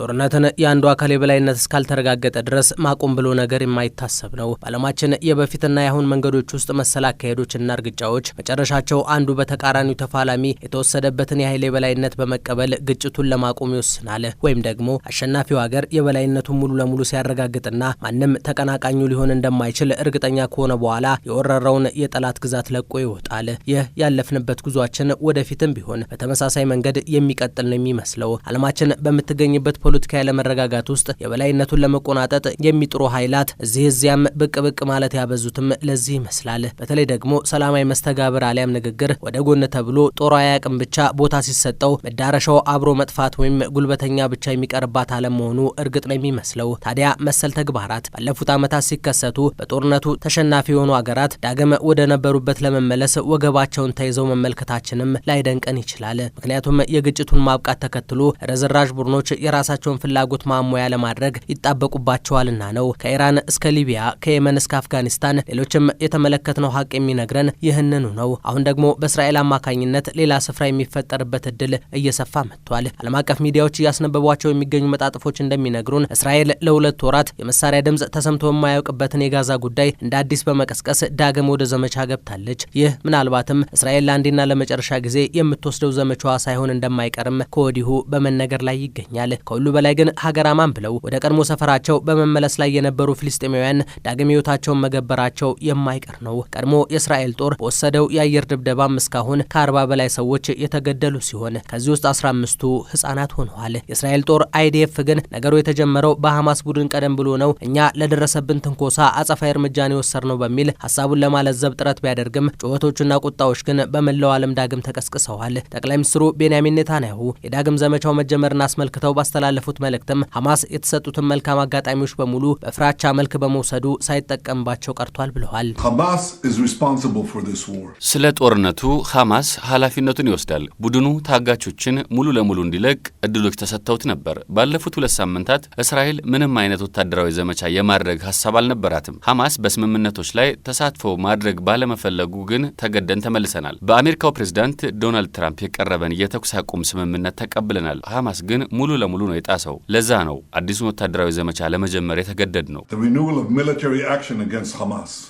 ጦርነትን የአንዱ አካል የበላይነት እስካልተረጋገጠ ድረስ ማቆም ብሎ ነገር የማይታሰብ ነው። በዓለማችን የበፊትና የአሁን መንገዶች ውስጥ መሰል አካሄዶችና እርግጫዎች መጨረሻቸው አንዱ በተቃራኒው ተፋላሚ የተወሰደበትን የኃይል የበላይነት በመቀበል ግጭቱን ለማቆም ይወስናል። ወይም ደግሞ አሸናፊው ሀገር የበላይነቱን ሙሉ ለሙሉ ሲያረጋግጥና ማንም ተቀናቃኙ ሊሆን እንደማይችል እርግጠኛ ከሆነ በኋላ የወረረውን የጠላት ግዛት ለቆ ይወጣል። ይህ ያለፍንበት ጉዟችን ወደፊትም ቢሆን በተመሳሳይ መንገድ የሚቀጥል ነው የሚመስለው ዓለማችን በምትገኝበት ፖለቲካ ያለመረጋጋት ውስጥ የበላይነቱን ለመቆናጠጥ የሚጥሩ ኃይላት እዚህ እዚያም ብቅ ብቅ ማለት ያበዙትም ለዚህ ይመስላል። በተለይ ደግሞ ሰላማዊ መስተጋብር አሊያም ንግግር ወደ ጎን ተብሎ ጦር አያቅም ብቻ ቦታ ሲሰጠው መዳረሻው አብሮ መጥፋት ወይም ጉልበተኛ ብቻ የሚቀርባት አለመሆኑ እርግጥ ነው የሚመስለው። ታዲያ መሰል ተግባራት ባለፉት ዓመታት ሲከሰቱ በጦርነቱ ተሸናፊ የሆኑ አገራት ዳግም ወደ ነበሩበት ለመመለስ ወገባቸውን ተይዘው መመልከታችንም ላይደንቀን ይችላል። ምክንያቱም የግጭቱን ማብቃት ተከትሎ ረዝራዥ ቡድኖች የራሳቸው የራሳቸውን ፍላጎት ማሟያ ለማድረግ ይጣበቁባቸዋልና ነው። ከኢራን እስከ ሊቢያ፣ ከየመን እስከ አፍጋኒስታን ሌሎችም የተመለከትነው ሀቅ የሚነግረን ይህንኑ ነው። አሁን ደግሞ በእስራኤል አማካኝነት ሌላ ስፍራ የሚፈጠርበት እድል እየሰፋ መጥቷል። ዓለም አቀፍ ሚዲያዎች እያስነበቧቸው የሚገኙ መጣጥፎች እንደሚነግሩን እስራኤል ለሁለት ወራት የመሳሪያ ድምፅ ተሰምቶ የማያውቅበትን የጋዛ ጉዳይ እንደ አዲስ በመቀስቀስ ዳግም ወደ ዘመቻ ገብታለች። ይህ ምናልባትም እስራኤል ለአንዴና ለመጨረሻ ጊዜ የምትወስደው ዘመቻዋ ሳይሆን እንደማይቀርም ከወዲሁ በመነገር ላይ ይገኛል። ከሁሉ በላይ ግን ሀገር አማን ብለው ወደ ቀድሞ ሰፈራቸው በመመለስ ላይ የነበሩ ፍልስጤማውያን ዳግም ህይወታቸውን መገበራቸው የማይቀር ነው። ቀድሞ የእስራኤል ጦር በወሰደው የአየር ድብደባም እስካሁን ከአርባ በላይ ሰዎች የተገደሉ ሲሆን ከዚህ ውስጥ አስራ አምስቱ ህጻናት ሆነዋል። የእስራኤል ጦር አይዲኤፍ ግን ነገሩ የተጀመረው በሐማስ ቡድን ቀደም ብሎ ነው፣ እኛ ለደረሰብን ትንኮሳ አጸፋ እርምጃን የወሰድ ነው በሚል ሀሳቡን ለማለዘብ ጥረት ቢያደርግም ጩኸቶቹና ቁጣዎች ግን በመላው ዓለም ዳግም ተቀስቅሰዋል። ጠቅላይ ሚኒስትሩ ቤንያሚን ኔታንያሁ የዳግም ዘመቻው መጀመርን አስመልክተው ባስተላ ባስተላለፉት መልእክትም ሐማስ የተሰጡትን መልካም አጋጣሚዎች በሙሉ በፍራቻ መልክ በመውሰዱ ሳይጠቀምባቸው ቀርቷል ብለዋል። ስለ ጦርነቱ ሐማስ ኃላፊነቱን ይወስዳል። ቡድኑ ታጋቾችን ሙሉ ለሙሉ እንዲለቅ እድሎች ተሰጥተውት ነበር። ባለፉት ሁለት ሳምንታት እስራኤል ምንም አይነት ወታደራዊ ዘመቻ የማድረግ ሀሳብ አልነበራትም። ሐማስ በስምምነቶች ላይ ተሳትፎ ማድረግ ባለመፈለጉ ግን ተገደን ተመልሰናል። በአሜሪካው ፕሬዝዳንት ዶናልድ ትራምፕ የቀረበን የተኩስ አቁም ስምምነት ተቀብለናል። ሐማስ ግን ሙሉ ለሙሉ ነው የጣሰው። ለዛ ነው አዲሱን ወታደራዊ ዘመቻ ለመጀመር የተገደድ ነው።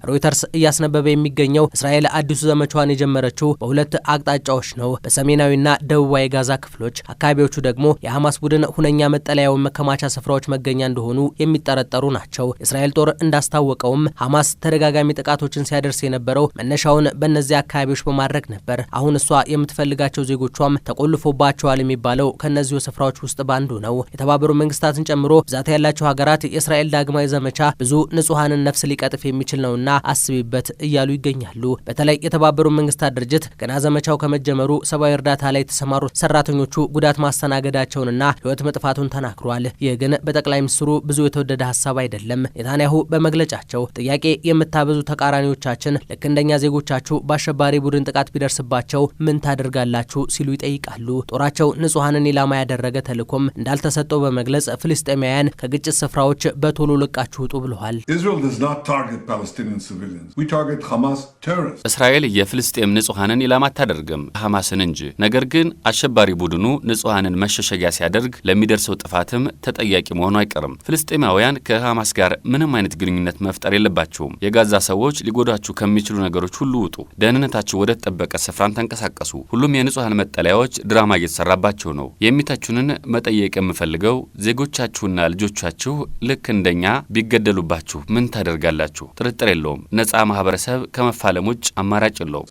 ሮይተርስ እያስነበበ የሚገኘው እስራኤል አዲሱ ዘመቻዋን የጀመረችው በሁለት አቅጣጫዎች ነው፣ በሰሜናዊና ደቡባዊ ጋዛ ክፍሎች። አካባቢዎቹ ደግሞ የሐማስ ቡድን ሁነኛ መጠለያውን መከማቻ ስፍራዎች መገኛ እንደሆኑ የሚጠረጠሩ ናቸው። የእስራኤል ጦር እንዳስታወቀውም ሐማስ ተደጋጋሚ ጥቃቶችን ሲያደርስ የነበረው መነሻውን በእነዚህ አካባቢዎች በማድረግ ነበር። አሁን እሷ የምትፈልጋቸው ዜጎቿም ተቆልፎባቸዋል የሚባለው ከእነዚሁ ስፍራዎች ውስጥ ባንዱ ነው። ነው። የተባበሩ መንግስታትን ጨምሮ ብዛት ያላቸው ሀገራት የእስራኤል ዳግማዊ ዘመቻ ብዙ ንጹሐንን ነፍስ ሊቀጥፍ የሚችል ነውና አስቢበት እያሉ ይገኛሉ። በተለይ የተባበሩ መንግስታት ድርጅት ገና ዘመቻው ከመጀመሩ ሰብአዊ እርዳታ ላይ የተሰማሩ ሰራተኞቹ ጉዳት ማስተናገዳቸውንና ህይወት መጥፋቱን ተናግሯል። ይህ ግን በጠቅላይ ሚኒስትሩ ብዙ የተወደደ ሀሳብ አይደለም። ኔታንያሁ በመግለጫቸው ጥያቄ የምታበዙ ተቃራኒዎቻችን ልክ እንደኛ ዜጎቻችሁ በአሸባሪ ቡድን ጥቃት ቢደርስባቸው ምን ታደርጋላችሁ ሲሉ ይጠይቃሉ። ጦራቸው ንጹሐንን ኢላማ ያደረገ ተልእኮም እንዳልተ ተሰጠው በመግለጽ ፍልስጤማውያን ከግጭት ስፍራዎች በቶሎ ልቃችሁ ውጡ ብለዋል። እስራኤል የፍልስጤም ንጹሐንን ኢላማ አታደርግም ሐማስን እንጂ። ነገር ግን አሸባሪ ቡድኑ ንጹሐንን መሸሸጊያ ሲያደርግ ለሚደርሰው ጥፋትም ተጠያቂ መሆኑ አይቀርም። ፍልስጤማውያን ከሐማስ ጋር ምንም አይነት ግንኙነት መፍጠር የለባቸውም። የጋዛ ሰዎች ሊጎዳችሁ ከሚችሉ ነገሮች ሁሉ ውጡ። ደህንነታችሁ ወደ ተጠበቀ ስፍራን ተንቀሳቀሱ። ሁሉም የንጹሐን መጠለያዎች ድራማ እየተሰራባቸው ነው። የሚተቹንን መጠየቅ የምንፈልገው ዜጎቻችሁና ልጆቻችሁ ልክ እንደኛ ቢገደሉባችሁ ምን ታደርጋላችሁ? ጥርጥር የለውም ነፃ ማህበረሰብ ከመፋለም ውጭ አማራጭ የለውም።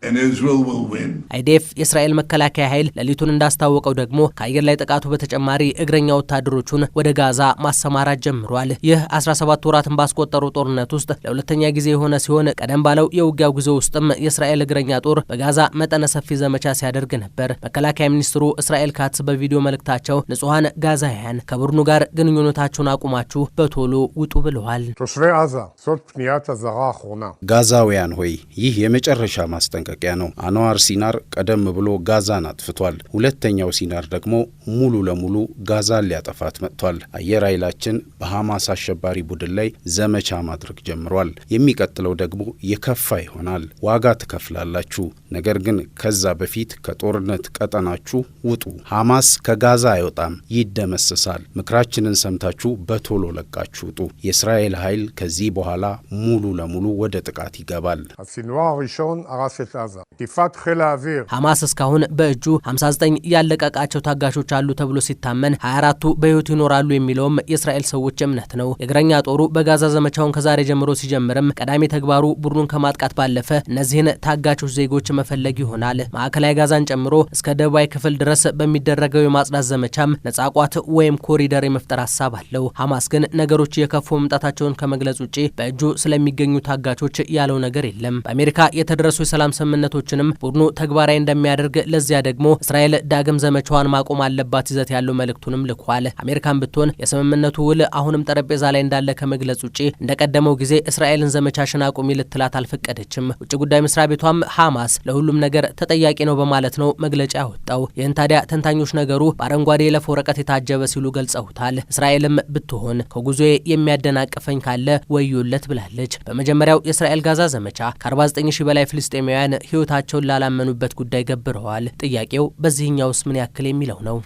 አይዴፍ የእስራኤል መከላከያ ኃይል ሌሊቱን እንዳስታወቀው ደግሞ ከአየር ላይ ጥቃቱ በተጨማሪ እግረኛ ወታደሮቹን ወደ ጋዛ ማሰማራት ጀምሯል። ይህ 17 ወራትን ባስቆጠሩ ጦርነት ውስጥ ለሁለተኛ ጊዜ የሆነ ሲሆን ቀደም ባለው የውጊያው ጊዜ ውስጥም የእስራኤል እግረኛ ጦር በጋዛ መጠነ ሰፊ ዘመቻ ሲያደርግ ነበር። መከላከያ ሚኒስትሩ እስራኤል ካትስ በቪዲዮ መልእክታቸው ንጹሐን ጋዛ ኢትዮጵያውያን ከቡድኑ ጋር ግንኙነታችሁን አቁማችሁ በቶሎ ውጡ ብለዋል። ጋዛውያን ሆይ ይህ የመጨረሻ ማስጠንቀቂያ ነው። አንዋር ሲናር ቀደም ብሎ ጋዛን አጥፍቷል። ሁለተኛው ሲናር ደግሞ ሙሉ ለሙሉ ጋዛን ሊያጠፋት መጥቷል። አየር ኃይላችን በሐማስ አሸባሪ ቡድን ላይ ዘመቻ ማድረግ ጀምሯል። የሚቀጥለው ደግሞ የከፋ ይሆናል። ዋጋ ትከፍላላችሁ። ነገር ግን ከዛ በፊት ከጦርነት ቀጠናችሁ ውጡ፣ ሐማስ ከጋዛ አይወጣም፣ ይደመስሳል፣ ምክራችንን ሰምታችሁ በቶሎ ለቃችሁ ውጡ፣ የእስራኤል ኃይል ከዚህ በኋላ ሙሉ ለሙሉ ወደ ጥቃት ይገባል። ሐማስ እስካሁን በእጁ 59 ያለቀቃቸው ታጋሾች አሉ ተብሎ ሲታመን 24ቱ በሕይወት ይኖራሉ የሚለውም የእስራኤል ሰዎች እምነት ነው። የእግረኛ ጦሩ በጋዛ ዘመቻውን ከዛሬ ጀምሮ ሲጀምርም ቀዳሚ ተግባሩ ቡድኑን ከማጥቃት ባለፈ እነዚህን ታጋቾች ዜጎች መፈለግ ይሆናል። ማዕከላዊ ጋዛን ጨምሮ እስከ ደቡባዊ ክፍል ድረስ በሚደረገው የማጽዳት ዘመቻም ነጻ ቋት ወይም ኮሪደር የመፍጠር ሀሳብ አለው። ሐማስ ግን ነገሮች የከፉ መምጣታቸውን ከመግለጽ ውጪ በእጁ ስለሚገኙ ታጋቾች ያለው ነገር የለም። በአሜሪካ የተደረሱ የሰላም ስምምነቶችንም ቡድኑ ተግባራዊ እንደሚያደርግ፣ ለዚያ ደግሞ እስራኤል ዳግም ዘመቻዋን ማቆም አለባት ይዘት ያለው መልእክቱንም ልኳል። አሜሪካን ብትሆን የስምምነቱ ውል አሁንም ጠረጴዛ ላይ እንዳለ ከመግለጽ ውጪ እንደቀደመው ጊዜ እስራኤልን ዘመቻሽን አቁሚ ልትላት አልፈቀደችም። ውጭ ጉዳይ መስሪያ ቤቷም ሐማስ ለሁሉም ነገር ተጠያቂ ነው በማለት ነው መግለጫ ያወጣው። ይህን ታዲያ ተንታኞች ነገሩ በአረንጓዴ የለፍ ወረቀት የታጀበ ሲሉ ገልጸውታል። እስራኤልም ብትሆን ከጉዞዬ የሚያደናቅፈኝ ካለ ወዮለት ብላለች። በመጀመሪያው የእስራኤል ጋዛ ዘመቻ ከ49 ሺ በላይ ፍልስጤማውያን ህይወታቸውን ላላመኑበት ጉዳይ ገብረዋል። ጥያቄው በዚህኛውስ ምን ያክል የሚለው ነው።